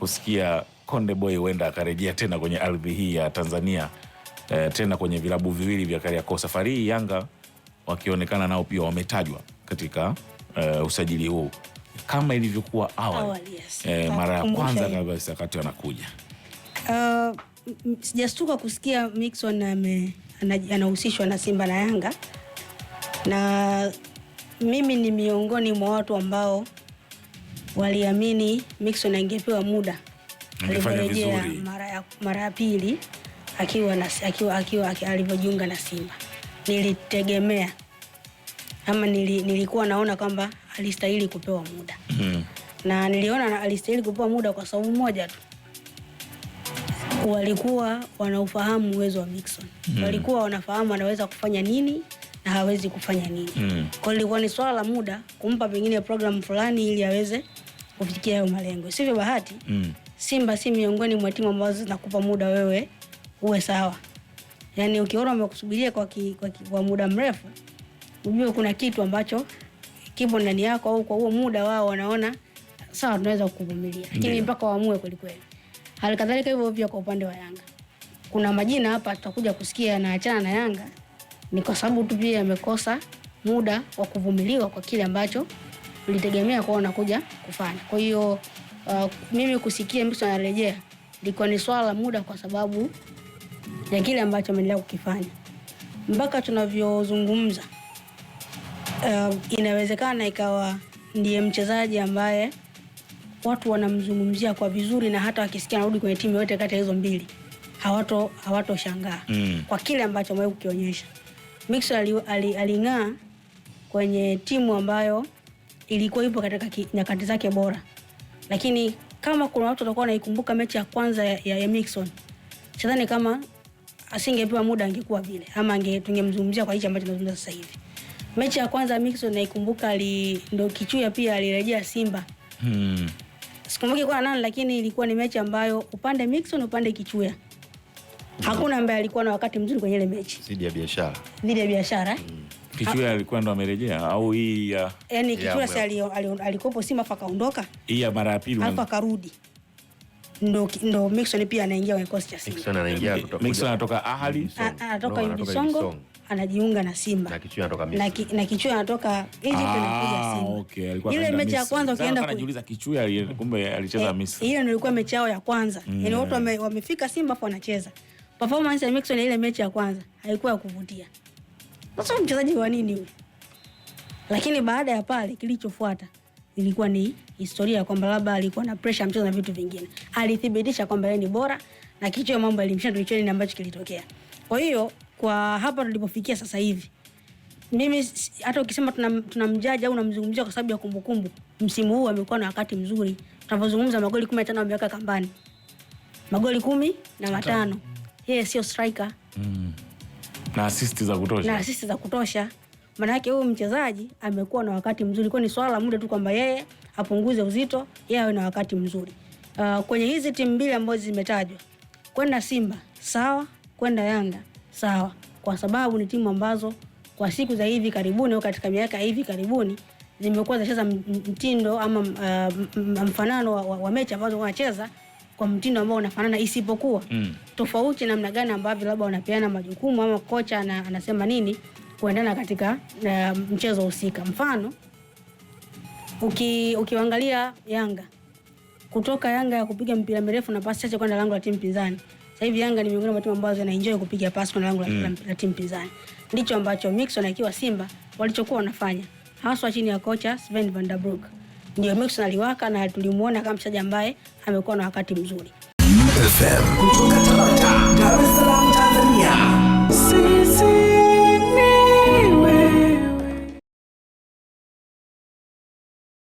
kusikia Konde Boy huenda akarejea tena kwenye ardhi hii ya Tanzania e, tena kwenye vilabu viwili vya Kariakoo. Safari hii Yanga wakionekana nao pia wametajwa katika e, usajili huu kama ilivyokuwa awali, awali yes. E, mara ya kwanza kabisa wakati wanakuja uh, sijastuka kusikia Mixon anahusishwa na Simba na Yanga na mimi ni miongoni mwa watu ambao waliamini mixon angepewa muda, alivyorejea mara ya mara ya pili akiwa na, akiwa, akiwa, alivyojiunga na Simba nilitegemea ama nili, nilikuwa naona kwamba alistahili kupewa muda mm. Na niliona alistahili kupewa muda kwa sababu moja tu, walikuwa wanaufahamu uwezo wa Mixon. mm. Walikuwa wanafahamu anaweza kufanya nini na hawezi kufanya nini. Mm. Kwa lilikuwa ni swala la muda kumpa pengine program fulani ili aweze kufikia hayo malengo. Sivyo bahati mm. Simba si miongoni mwa timu ambazo zinakupa muda wewe uwe sawa. Yaani ukiona umekusubiria kwa, ki, kwa, ki, kwa muda mrefu ujue kuna kitu ambacho kipo ndani yako, au kwa huo muda wao wanaona sawa, tunaweza kukuvumilia, lakini mpaka waamue kweli kweli. Halikadhalika hivyo pia kwa upande wa Yanga kuna majina hapa tutakuja kusikia yanaachana na Yanga ni kwa sababu tu pia amekosa muda wa kuvumiliwa kwa kile ambacho tulitegemea kuwa wanakuja kufanya. Kwa hiyo uh, mimi kusikia mtu anarejea ilikuwa ni swala la muda kwa sababu ya kile ambacho ameendelea kukifanya mpaka tunavyozungumza. Uh, inawezekana ikawa ndiye mchezaji ambaye watu wanamzungumzia kwa vizuri, na hata wakisikia anarudi kwenye timu yoyote kati ya hizo mbili hawatoshangaa mm, kwa kile ambacho amewahi kukionyesha. Mixer aling'aa ali, ali kwenye timu ambayo ilikuwa ipo katika nyakati zake bora, lakini kama kuna watu watakuwa wanaikumbuka mechi ya kwanza ya, ya, Mixon, sidhani kama asingepewa muda angekuwa vile ama ange tungemzungumzia kwa hicho ambacho tunazungumza sasa hivi. Mechi ya kwanza Mixon naikumbuka, ndo kichuya pia alirejea Simba hmm. Sikumbuki kwa nani, lakini ilikuwa ni mechi ambayo upande Mixon upande kichuya hakuna ambaye alikuwa na wakati mzuri kwenye ile mechi dhidi ya biashara, dhidi ya biashara mm. Kichwa alikuwa ndo amerejea au hii ya yani, Kichwa si alikopo Simba afa kaondoka, hii ya mara ya pili afa karudi, ndo ndo Mixon pia anaingia kwenye kikosi cha Simba. Mixon anaingia kutoka, Mixon anatoka Ahali, anatoka Yudi Songo anajiunga na Simba na Kichwa anatoka na Kichwa anatoka Egypt na kuja ah, Simba. Okay, alikuwa ile mechi ya kwanza ukienda kujiuliza Kichua kumbe alicheza eh, Misri. hiyo ndio ilikuwa mechi yao ya kwanza. Yaani mm. watu wamefika Simba hapo wanacheza performance ya Mixon ile mechi ya kwanza haikuwa ya kuvutia. Sasa mchezaji wa nini yule? Lakini baada ya pale kilichofuata ilikuwa ni historia kwamba labda alikuwa na pressure mchezo na vitu vingine. Alithibitisha kwamba yeye ni bora na kichwa mambo alimshinda ndicho nini ambacho kilitokea. Kwa hiyo kwa hapa tulipofikia sasa hivi mimi hata ukisema tunamjaji tuna au unamzungumzia kwa sababu ya kumbukumbu, msimu huu amekuwa na wakati mzuri. Tunapozungumza magoli 15 ameweka kambani, magoli kumi na matano yeye sio striker mm. na assist za kutosha, na assist za kutosha. Maana yake huyu mchezaji amekuwa na wakati mzuri, kwa ni swala la muda tu kwamba yeye apunguze uzito, yeye awe na wakati mzuri uh, kwenye hizi timu mbili ambazo zimetajwa kwenda Simba sawa, kwenda Yanga sawa, kwa sababu ni timu ambazo kwa siku za hivi karibuni au katika miaka ya hivi karibuni zimekuwa zinacheza mtindo ama uh, mfanano wa, wa, wa mechi ambazo wanacheza kwa mtindo ambao unafanana, isipokuwa mm. tofauti namna gani ambavyo labda wanapeana majukumu ama kocha na, anasema nini kuendana katika uh, mchezo husika. Mfano uki, ukiangalia Yanga kutoka Yanga ya kupiga mpira mrefu na pasi chache kwenda lango la timu pinzani. Sasa hivi Yanga ni miongoni mwa timu ambazo zinaenjoy kupiga pasi kwenda lango mm. la timu pinzani. Ndicho ambacho Mixon akiwa Simba walichokuwa wanafanya haswa chini ya kocha Sven van der Broek ndio Max naliwaka na tulimuona kama mchaji ambaye amekuwa na wakati mzuri FM.